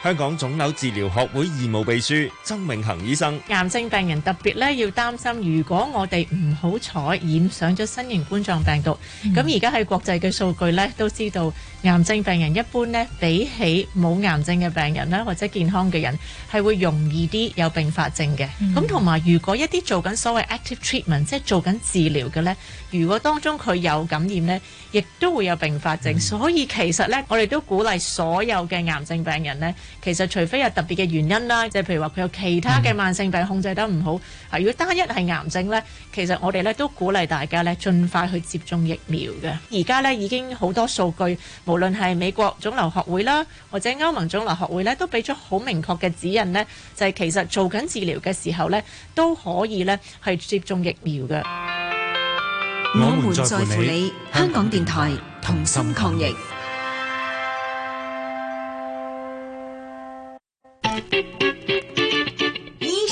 香港腫瘤治療學會義務秘書曾永恆醫生，癌症病人特別咧要擔心，如果我哋唔好彩染上咗新型冠狀病毒，咁而家喺國際嘅數據咧都知道。癌症病人一般呢，比起冇癌症嘅病人啦，或者健康嘅人，係會容易啲有併發症嘅。咁同埋，如果一啲做緊所謂 active treatment，即係做緊治療嘅呢，如果當中佢有感染呢，亦都會有併發症。Mm-hmm. 所以其實呢，我哋都鼓勵所有嘅癌症病人呢，其實除非有特別嘅原因啦，即係譬如話佢有其他嘅慢性病控制得唔好，啊、mm-hmm.，如果單一係癌症呢，其實我哋咧都鼓勵大家呢盡快去接種疫苗嘅。而家呢已經好多數據。無論係美國腫瘤學會啦，或者歐盟腫瘤學會咧，都俾咗好明確嘅指引呢，就係其實做緊治療嘅時候呢，都可以呢係接種疫苗嘅。我們在乎你，香港電台同心抗疫。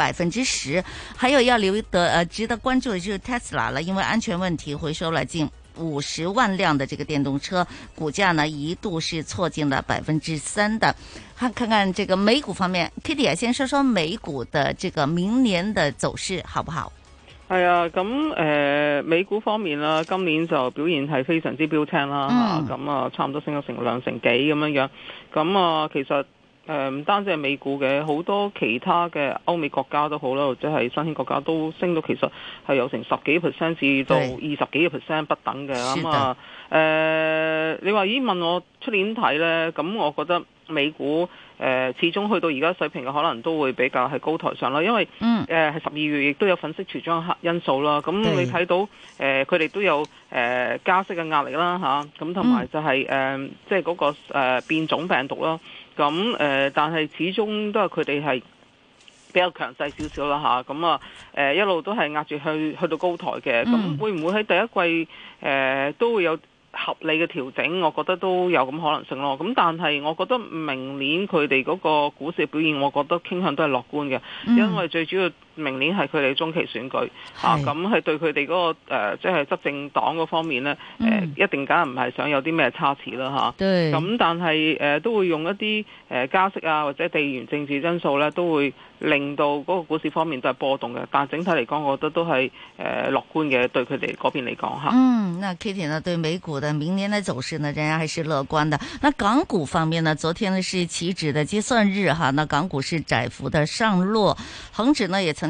百分之十，還有要留得呃值得關注的就是 Tesla 了，因為安全問題回收了近五十萬輛的這個電動車，股價呢一度是挫進了百分之三的。看，看看這個美股方面，Kitty 啊，KD、先說說美股的這個明年的走勢好不好？係、嗯、啊，咁、嗯、誒，美股方面啦，今年就表現係非常之標青啦，啊，咁啊，差唔多升咗成兩成幾咁樣樣，咁啊，其實。誒唔單止係美股嘅，好多其他嘅歐美國家都好啦，或者係新興國家都升到，其實係有成十幾 percent 至到二十幾個 percent 不等嘅咁啊。你話咦？問我出年睇呢？咁我覺得美股誒、呃、始終去到而家水平嘅，可能都會比較係高台上啦，因為誒係十二月亦都有粉飾櫥窗因素啦。咁你睇到誒佢哋都有誒、呃、加息嘅壓力啦嚇，咁同埋就係誒即係嗰個誒、呃、變種病毒啦。咁誒、呃，但係始終都係佢哋係比較強勢少少啦嚇，咁啊誒、啊啊、一路都係壓住去去到高台嘅，咁、mm. 會唔會喺第一季誒、呃、都會有合理嘅調整？我覺得都有咁可能性咯。咁、啊、但係我覺得明年佢哋嗰個股市表現，我覺得傾向都係樂觀嘅，因為最主要。明年係佢哋中期選舉嚇，咁係、啊、對佢哋嗰個即係、呃就是、執政黨嗰方面呢，誒、呃嗯、一定梗係唔係想有啲咩差池啦嚇。咁、啊、但係誒、呃、都會用一啲誒加息啊，或者地緣政治因素呢，都會令到嗰個股市方面都係波動嘅。但整體嚟講，我覺得都係誒、呃、樂觀嘅對佢哋嗰邊嚟講嚇。嗯，那 Kitty 呢對美股的明年嘅走勢呢，仍然係是樂觀嘅。那港股方面呢，昨天呢是期指的結算日哈，那港股是窄幅的上落，恒指呢也曾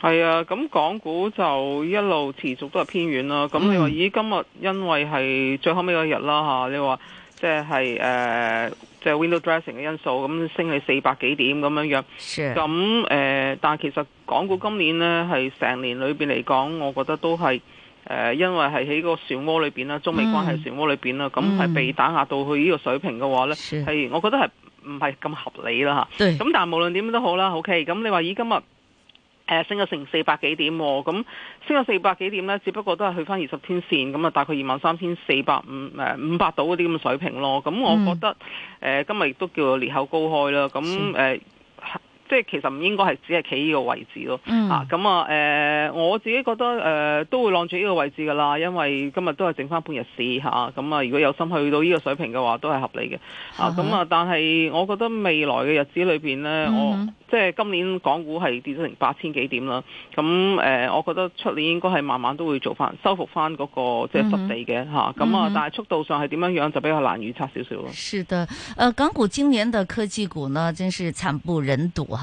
係啊，咁港股就一路持續都係偏軟啦。咁你話、嗯、咦，今日因為係最後尾嗰日啦吓，你話即係誒，即係、呃、window dressing 嘅因素，咁升起四百幾點咁樣樣。咁誒、呃，但係其實港股今年呢，係成年裏面嚟講，我覺得都係誒、呃，因為係喺個漩渦裏面啦，中美關係漩渦裏面啦，咁、嗯、係被打壓到去呢個水平嘅話呢，係我覺得係唔係咁合理啦吓。咁但係無論點都好啦，OK，咁你話咦，今日。誒、呃，升咗成四百幾點，咁升咗四百幾點咧，只不過都係去翻二十天線，咁啊大概二萬三千四百五，五百到嗰啲咁嘅水平咯。咁我覺得，誒、嗯呃、今日亦都叫做裂口高開啦。咁誒。即係其實唔應該係只係企呢個位置咯、嗯，啊咁啊，誒、呃、我自己覺得誒、呃、都會晾住呢個位置噶啦，因為今日都係剩翻半日市吓，咁啊如果有心去到呢個水平嘅話，都係合理嘅，啊咁啊，但係我覺得未來嘅日子裏邊呢、嗯，我、呃、即係今年港股係跌咗成八千幾點啦，咁、啊、誒、呃，我覺得出年應該係慢慢都會做翻，收復翻嗰、那個即係失地嘅吓，咁、嗯、啊，嗯、但係速度上係點樣樣就比較難預測少少咯。是的、呃，港股今年嘅科技股呢，真是慘不忍睹啊！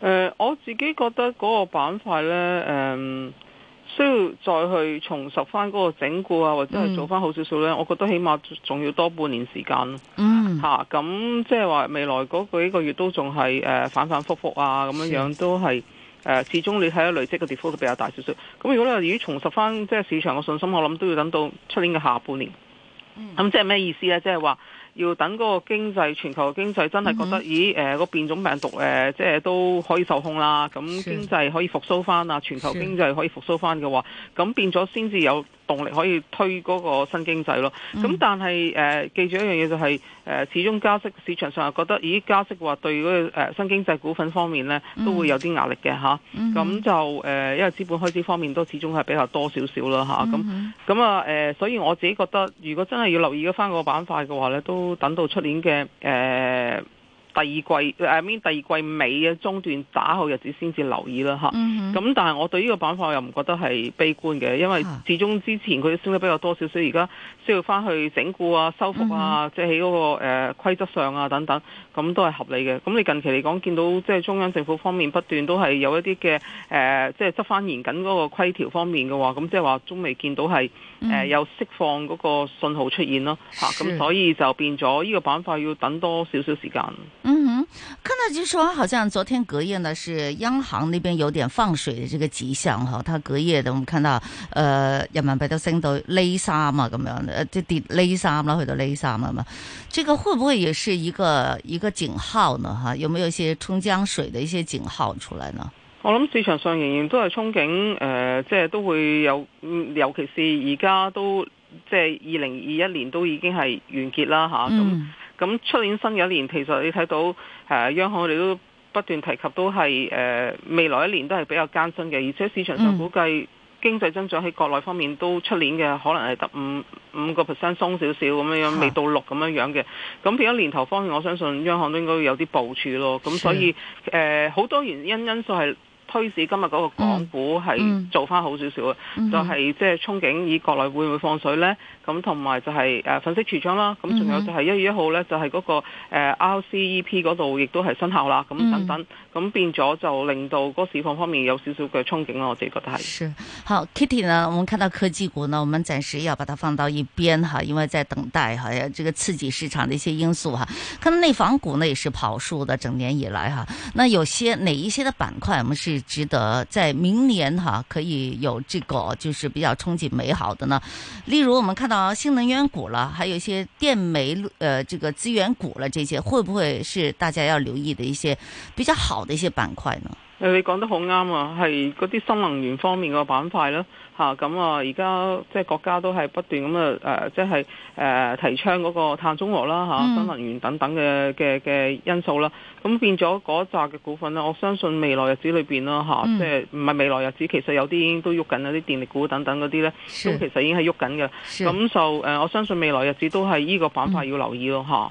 誒、呃，我自己覺得嗰個板塊呢，誒、呃，需要再去重拾翻嗰個整固啊，或者係做翻好少少呢，我覺得起碼仲要多半年時間咯。嗯、吓、啊，咁即係話未來嗰幾個月都仲係誒反反復復啊，咁樣樣都係誒、呃，始終你睇下累積嘅跌幅都比較大少少。咁如果你要重拾翻即係市場嘅信心，我諗都要等到出年嘅下半年。咁、嗯、即係咩意思呢？即係話？要等嗰個經濟，全球經濟真係覺得，嗯嗯咦誒個、呃、變種病毒誒、呃，即係都可以受控啦，咁經濟可以復甦翻啊，全球經濟可以復甦翻嘅話，咁變咗先至有。動力可以推嗰個新經濟咯，咁但係誒、呃、記住一樣嘢就係、是、誒、呃、始終加息，市場上係覺得咦加息嘅話對嗰、那個呃、新經濟股份方面咧都會有啲壓力嘅吓，咁、嗯、就誒、呃、因為資本開支方面都始終係比較多少少啦吓，咁咁啊，所以我自己覺得如果真係要留意返個板塊嘅話咧，都等到出年嘅誒。呃第二季誒面 I mean, 第二季尾嘅中段打後日子先至留意啦吓，咁、mm-hmm. 啊、但係我對呢個板塊我又唔覺得係悲觀嘅，因為始終之前佢升得比較多少少，而家需要翻去整固啊、修復啊，mm-hmm. 即係喺嗰個誒、呃、規則上啊等等，咁都係合理嘅。咁你近期嚟講見到即係中央政府方面不斷都係有一啲嘅誒即係執翻嚴謹嗰個規條方面嘅話，咁即係話中未見到係誒、呃、有釋放嗰個信號出現咯吓，咁、啊、所以就變咗呢個板塊要等多少少時間。嗯哼，看到就說，好像昨天隔夜呢是央行那邊有點放水的這個迹象哈，它隔夜的，我們看到，呃，人民幣都升到零三嘛咁樣，誒，即跌零三啦，去到零三啊嘛，這個會不會也是一個一個警號呢？哈，有沒有一些沖江水的一些警號出來呢？我諗市場上仍然都係憧憬，誒、呃，即係都會有，尤其是而家都即係二零二一年都已經係完結啦，吓咁。嗯咁出年新嘅一年，其實你睇到誒、呃、央行我哋都不斷提及都，都係誒未來一年都係比較艱辛嘅，而且市場上估計、嗯、經濟增長喺國內方面都出年嘅可能係得五五個 percent 鬆少少咁樣，未到六咁樣嘅。咁變咗年頭方面，我相信央行都應該有啲部署咯。咁所以誒好、呃、多原因因素係。推市今日嗰個港股係做翻好少少啊，就係即係憧憬以國內會唔會放水呢？咁同埋就係誒粉飾櫥窗啦，咁仲有就係一月一號呢，就係嗰個 RCEP 嗰度亦都係生效啦，咁等等。咁變咗就令到嗰個市況方面有少少嘅憧憬啦，我自己覺得係。是好，Kitty 呢，我們看到科技股呢，我們暫時要把它放到一邊哈，因為在等待哈，這個刺激市場的一些因素哈。看到內房股呢也是跑數的，整年以來哈。那有些哪一些的板塊，我們是值得在明年哈可以有這個就是比較憧憬美好的呢？例如我們看到新能源股啦，還有一些電煤，呃，這個資源股啦，這些會不會是大家要留意的一些比較好的？的一些板塊呢？誒，你講得好啱啊，係嗰啲新能源方面個板塊啦。吓咁啊，而家即係國家都係不斷咁啊，誒，即係誒，提倡嗰個碳中和啦，吓，新能源等等嘅嘅嘅因素啦，咁、嗯、變咗嗰扎嘅股份咧，我相信未來日子裏邊咯，吓、嗯，即係唔係未來日子，其實有啲已經都喐緊嗰啲電力股等等嗰啲呢，都其實已經係喐緊嘅，咁就誒，我相信未來日子都係呢個板塊要留意咯，吓、嗯。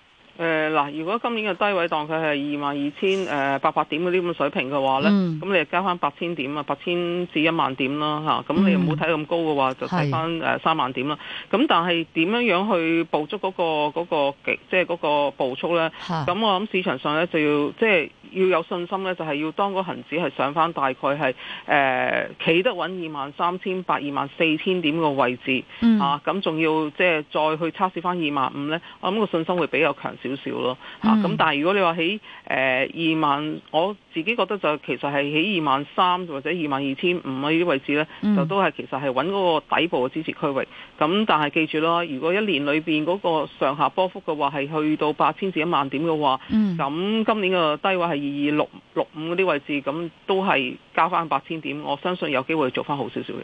誒、呃、嗱，如果今年嘅低位當佢係二萬二千誒八百點嗰啲咁嘅水平嘅話咧，咁、嗯、你就加翻八千點啊，八千至一萬點啦嚇，咁、嗯、你唔好睇咁高嘅話，就睇翻誒三萬點啦。咁但係點樣樣去捕捉嗰、那個嗰即係嗰步速咧？咁、那個就是、我諗市場上咧就要即係、就是、要有信心咧、呃嗯啊，就係要當個恆指係上翻大概係誒企得穩二萬三千八、二萬四千點嘅位置嚇，咁仲要即係再去測試翻二萬五咧，我諗個信心會比較強少。少少咯，吓咁但係如果你話喺誒二萬我。 自己覺得就其實係起二萬三或者二萬二千五呢啲位置咧、嗯，就都係其實係揾嗰個底部嘅支持區域。咁但係記住咯，如果一年裏邊嗰個上下波幅嘅話，係去到八千至一萬點嘅話，咁今年嘅低位係二二六六五嗰啲位置，咁都係加翻八千點。我相信有機會做翻好少少嘅。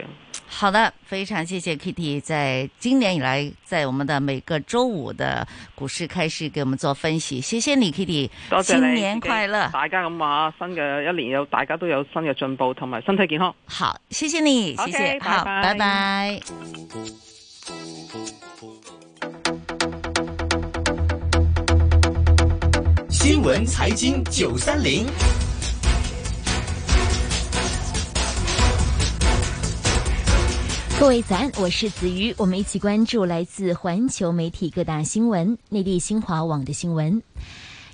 好的，非常謝謝 Kitty，在今年以來，在我們的每個周五的股市開始給我們做分析。謝謝你，Kitty，多謝你，新年快樂，謝謝大家咁話！新嘅一年有大家都有新嘅進步同埋身體健康。好，謝謝你，謝謝，拜、okay, 拜。新聞財經九三零，各位早安，我是梓瑜，我們一起關注來自環球媒體各大新聞，內地新華網的新聞。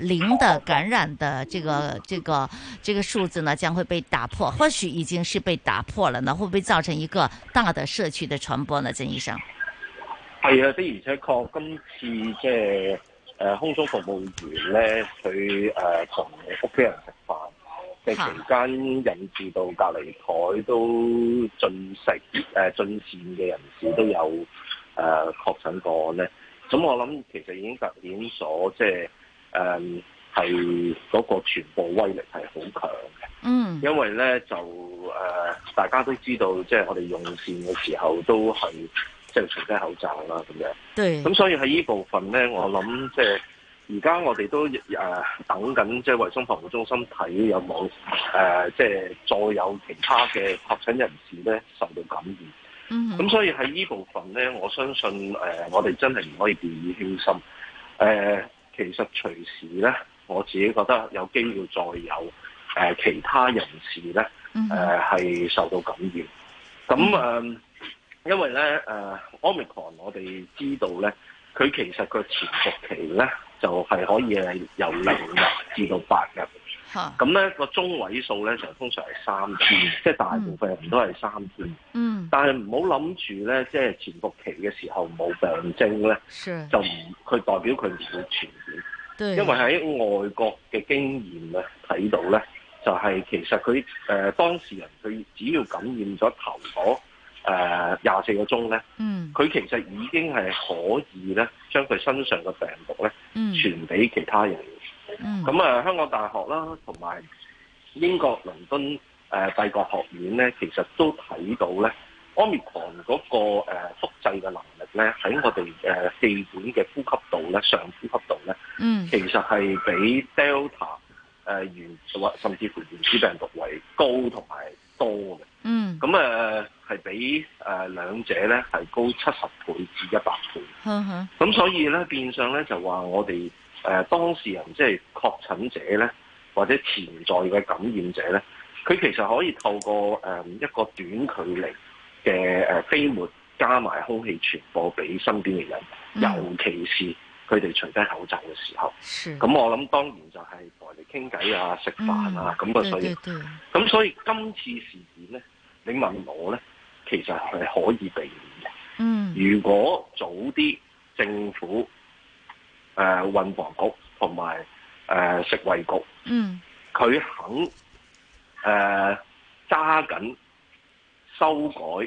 零的感染的這個這個這個數字呢將會被打破，或許已經是被打破了，呢會不會造成一個大的社區的傳播呢？曾醫生係啊，的而且確今次即係誒空中服務員咧，佢誒同屋企人食飯嘅期間引致到隔籬台都進食誒進、呃、膳嘅人士都有誒確診個案咧，咁、呃、我諗其實已經突顯咗即係。誒、嗯，係嗰、那個傳播威力係好強嘅，嗯、mm-hmm.，因為咧就誒、呃，大家都知道，即係我哋用線嘅時候都係即係除低口罩啦，咁樣，對，咁、嗯、所以喺呢部分咧，我諗即係而家我哋都誒等緊，即係衛、呃、生防護中心睇有冇誒、呃，即係再有其他嘅確診人士咧受到感染，mm-hmm. 嗯，咁所以喺呢部分咧，我相信誒、呃，我哋真係唔可以掉以輕心，誒、呃。其實隨時咧，我自己覺得有機會再有、呃、其他人士咧，誒、呃、係受到感染。咁誒、呃，因為咧、呃、Omicron 我哋知道咧，佢其實個潛伏期咧就係、是、可以係由零至到八日。咁、那、咧個中位數咧，成通常係三天，嗯、即係大部分人都係三天。嗯，但係唔好諗住咧，即係潛伏期嘅時候冇病徵咧，就唔佢代表佢唔會傳染。因為喺外國嘅經驗咧睇到咧，就係、是、其實佢、呃、當事人佢只要感染咗頭嗰廿四個鐘咧，嗯，佢其實已經係可以咧將佢身上嘅病毒咧，嗯，傳俾其他人。嗯。咁、嗯、啊，香港大學啦，同埋英國倫敦誒、呃、帝國學院咧，其實都睇到咧，Omicron 嗰個誒、呃、複製嘅能力咧，喺我哋誒氣管嘅呼吸道咧、上呼吸道咧，嗯，其實係比 Delta 誒原或甚至乎原始病毒為高同埋多嘅，嗯，咁誒係比誒、呃、兩者咧係高七十倍至一百倍，咁、嗯嗯、所以咧變相咧就話我哋。誒、呃，當事人即係確診者咧，或者潛在嘅感染者咧，佢其實可以透過誒、呃、一個短距離嘅飛沫加埋空氣傳播俾身邊嘅人、嗯，尤其是佢哋除低口罩嘅時候。咁我諗當然就係同你傾偈啊、食飯啊咁嘅，所以咁所以今次事件咧，你問我咧，其實係可以避免嘅。嗯，如果早啲政府。誒，運房局同埋誒食衛局，嗯，佢肯誒揸緊修改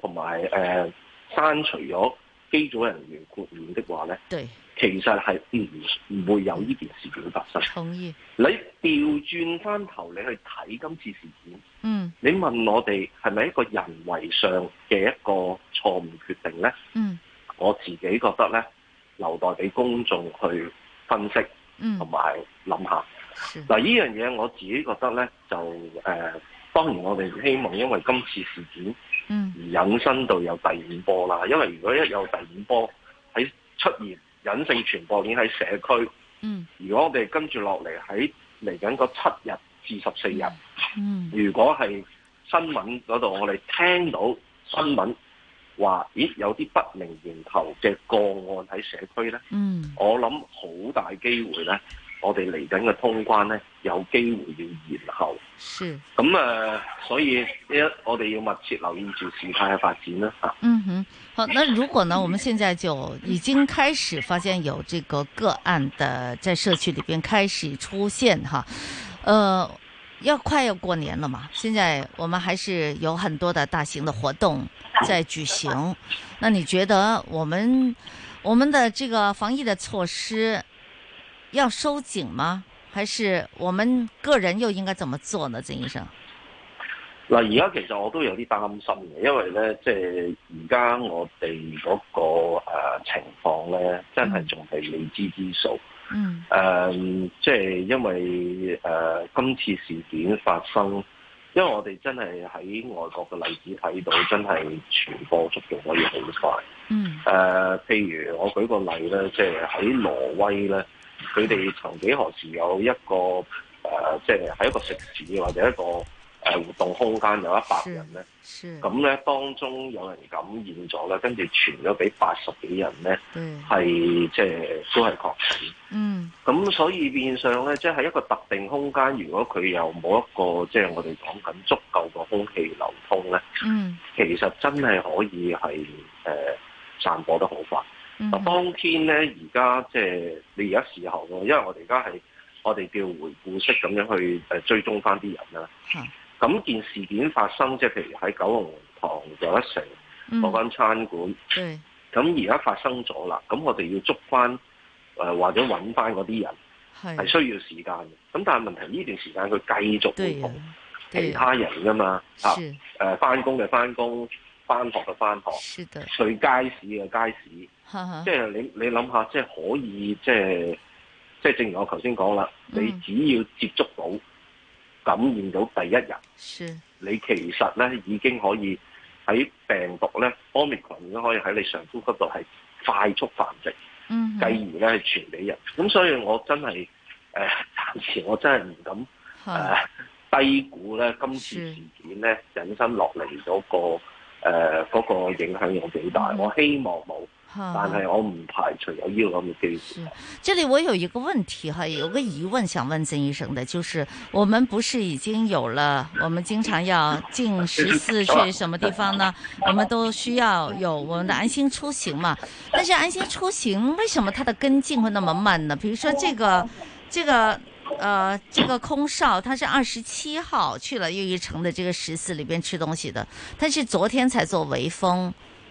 同埋誒刪除咗機組人員豁免的話咧，對，其實係唔唔會有呢件事件發生。同意。你調轉翻頭，你去睇今次事件，嗯，你問我哋係咪一個人為上嘅一個錯誤決定咧？嗯，我自己覺得咧。留待俾公眾去分析，同埋諗下。嗱，呢樣嘢我自己覺得呢，就誒、呃，當然我哋希望，因為今次事件而引申到有第五波啦、嗯。因為如果一有第五波喺出現隱性傳播已經喺社區、嗯，如果我哋跟住落嚟喺嚟緊個七日至十四日，嗯、如果係新聞嗰度我哋聽到新聞。話咦有啲不明源頭嘅個案喺社區咧、嗯，我諗好大機會咧，我哋嚟緊嘅通關咧有機會要延後。是咁啊、嗯，所以一我哋要密切留意住事態嘅發展啦。吓，嗯哼，好，那如果呢，我們現在就已經開始發現有這個個案嘅在社區裏邊開始出現哈，呃。要快要過年了嘛？現在我們還是有很多的大型的活動在舉行，那你覺得我們我們的這個防疫的措施要收緊嗎？還是我們個人又應該怎麼做呢？曾醫生，嗱，而家其實我都有啲擔心嘅，因為咧，即係而家我哋嗰，那個誒、呃、情況咧，真係仲係未知之數。嗯，誒、嗯，即、就、係、是、因為誒、呃、今次事件發生，因為我哋真係喺外國嘅例子睇到，真係傳播速度可以好快。嗯，誒、呃，譬如我舉個例咧，即係喺挪威咧，佢哋曾幾何時有一個誒，即係喺一個食肆或者一個活動空間有一百人咧，咁咧當中有人感染咗咧，跟住傳咗俾八十幾人咧，係即係都係確診。嗯，咁所以變相咧，即係一個特定空間，如果佢又冇一個即係我哋講緊足夠個空氣流通咧，嗯，其實真係可以係誒、呃、散播得好快。嗱、嗯，當天咧，而家即係你而家時候咯，因為我哋而家係我哋叫回顧式咁樣去誒追蹤翻啲人啦。嗯。咁件事件發生，即係譬如喺九龍塘又一城嗰、嗯、間餐館，咁而家發生咗啦。咁我哋要捉翻、呃、或者揾翻嗰啲人，係需要時間嘅。咁但係問題呢段時間佢繼續同其他人㗎嘛？返工就返工，返學就返學，去街市嘅街市，即係、就是、你你諗下，即、就、係、是、可以，即係即係正如我頭先講啦，你只要接觸到。感染到第一日，你其實咧已經可以喺病毒咧，Omicron 已經可以喺你上呼吸道係快速繁殖，嗯、繼而咧係傳俾人。咁所以我真係誒、呃、暫時，我真係唔敢、呃、低估咧今次事件咧引申落嚟嗰嗰個影響有幾大？嗯？我希望冇。但係我唔排除有呢個咁嘅機會。這裏我有一個問題哈，有個疑問想問曾醫生的，就是我們不是已經有了，我們經常要進食肆去什麼地方呢？我們都需要有我們的安心出行嘛。但是安心出行為什麼它的跟進會那麼慢呢？比如說這個，這個，呃，這個空少他是二十七號去了又一城的這個食肆裏邊吃東西的，但是昨天才做圍封。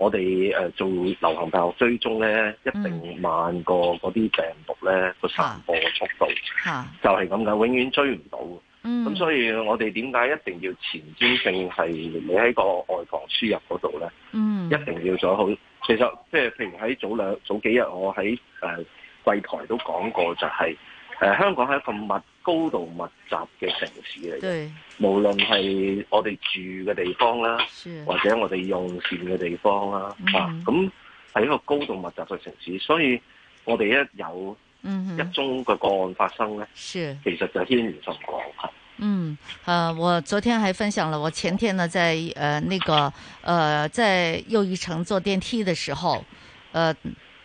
我哋誒做流行病學追蹤咧，一定慢過嗰啲病毒咧個散播速度，就係咁樣，永遠追唔到。咁、嗯、所以我哋點解一定要前瞻性，係你喺個外防輸入嗰度咧，一定要做好，其實即係譬如喺早兩早幾日，我喺櫃檯都講過，就是，就、呃、係香港喺，一份密。高度密集嘅城市嚟，無論係我哋住嘅地方啦，或者我哋用膳嘅地方啦，咁、嗯、係、啊、一個高度密集嘅城市，所以我哋一有一宗嘅個案發生呢，嗯、其實就牽連甚廣。嗯、呃，我昨天還分享了，我前天呢在、呃那個呃，在誒個，在又一城坐電梯的時候，呃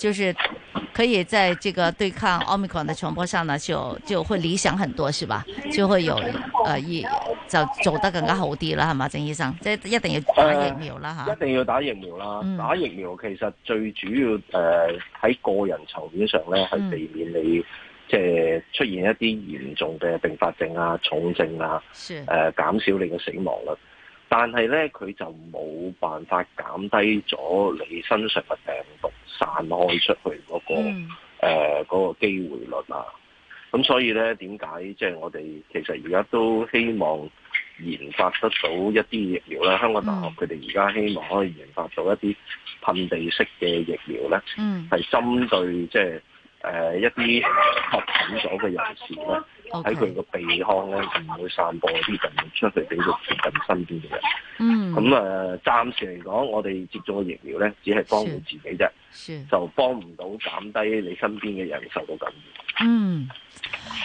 就是可以在這個對抗奧密克 n 的傳播上呢，就就會理想很多，是吧？就會有，呃，一走得更加好啲啦，係嘛，鄭醫生，即係一定要打疫苗啦，吓、呃啊，一定要打疫苗啦，嗯、打疫苗其實最主要誒喺、呃、個人層面上咧，係避免你即係、嗯呃、出現一啲嚴重嘅併發症啊、重症啊，誒，減、呃、少你嘅死亡率。但係咧，佢就冇辦法減低咗你身上嘅病毒散開出去嗰、那個誒嗰、嗯呃那個機會率啊。咁所以咧，點解即係我哋其實而家都希望研發得到一啲疫苗咧？香港大學佢哋而家希望可以研發到一啲噴鼻式嘅疫苗咧，係、嗯、針對即係、呃、一啲確診咗嘅人士咧。喺佢個鼻腔咧，就、okay, 唔會散播啲病毒出去俾佢附近身邊嘅人。嗯。咁、嗯、啊，暫時嚟講，我哋接種嘅疫苗咧，只係幫到自己啫，就幫唔到減低你身邊嘅人受到感染。嗯。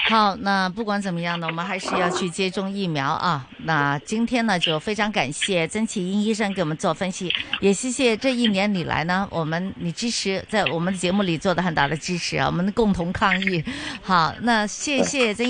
好，那不管怎麼樣，我們還是要去接種疫苗 啊。那今天呢，就非常感謝曾祈殷醫生給我們做分析，也謝謝這一年以來呢，我們你支持，在我們的節目裏做的很大的支持啊，我們共同抗疫。好，那謝謝曾。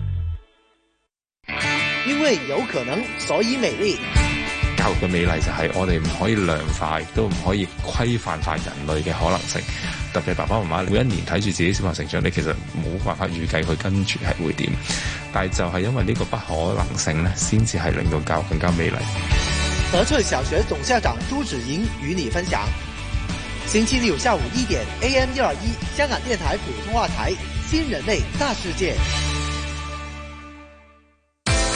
因為有可能，所以美麗。教育嘅美麗就係我哋唔可以量化，亦都唔可以規範化人類嘅可能性。特別爸爸媽媽每一年睇住自己的小朋友成長，你其實冇辦法預計佢跟住係會點。但係就係因為呢個不可能性咧，先至係令到教育更加美麗。德翠小學總校長朱子瑩與你分享。星期六下午一點，AM 一二一，香港電台普通話台《新人類大世界》。